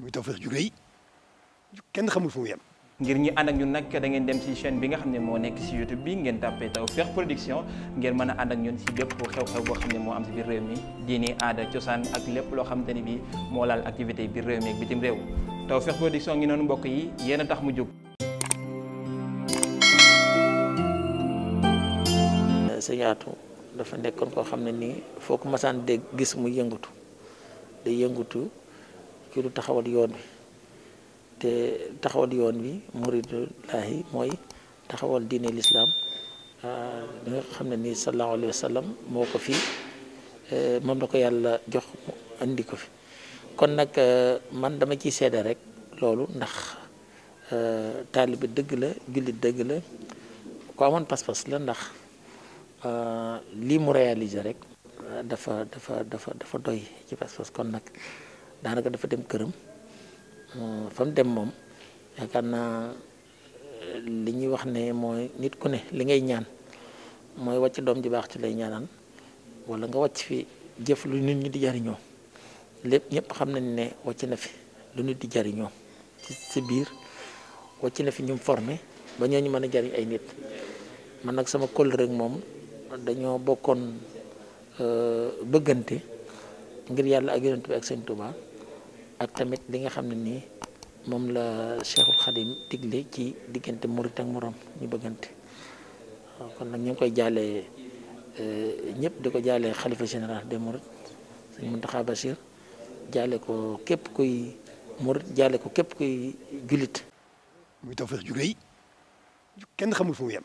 muy Tawfekh ju rëy kenn xamul fu mu ngir ñi ànd ak ñun nag dangeen dem ci chaîne bi nga xam ne moo nekk ci YouTube bi ngeen tàppee Tawfekh Production ngeen mën a ànd ak ñun ci bépp xew-xew boo xam ne moo am ci biir réew mi diini cosaan ak lépp loo xamante ni bi moo laal activité biir réew mi ak bitim réew feex Production ngi noonu mbokk yi yéen a tax mu jóg. Sëñ Atou dafa nekkoon koo xam ne nii foo ko masaan dégg gis mu yëngatu day yëngatu. ci lu taxawal yoon wi te taxawal yoon wi muridullahi mooy taxawal diine lislaam ah, li nga xam ne ni sallallahu alayhi wa sallam moo ko fi eh, moom la ko yàlla jox mu indi ko fi kon nag eh, man dama ciy seede rek loolu ndax eh, taalibe dëgg la jullit dëgg la ko amoon pas la ndax ah, lii mu réaliser rek dafa dafa dafa dafa doy ci pas kon nag daanaka dafa dem këram euh, fam dem moom yaakaar naa euh, li ñuy wax ne mooy nit ku ne li ngay ñaan mooy wàcc doom ji baax ci lay ñaanaan walla nga wàcc fi jëf lu nit ñi di jariñoo lépp ñëpp xam nañ ne wàcc na fi lu nit di jariñoo ci si biir wàcc na fi ñu formé ba ñoo ñu mën a jariñ ay nit man nag sama kóll rek moom dañoo bokkoon euh, bëggante ngir yàlla ak yonent bi ak sëñ Tuubaa ak tamit li nga xam ne nii moom la Cheikhul Khadim digle ci diggante murit ak morom ñu bëggante waaw kon nag ñu ngi koy jaalee eh, ñëpp di ko jaalee xalifa général des mourides sëñ Mountakha Bachir jaale ko képp kuy murit jaale ko képp kuy jullit. muy kenn xamul fu mu yem.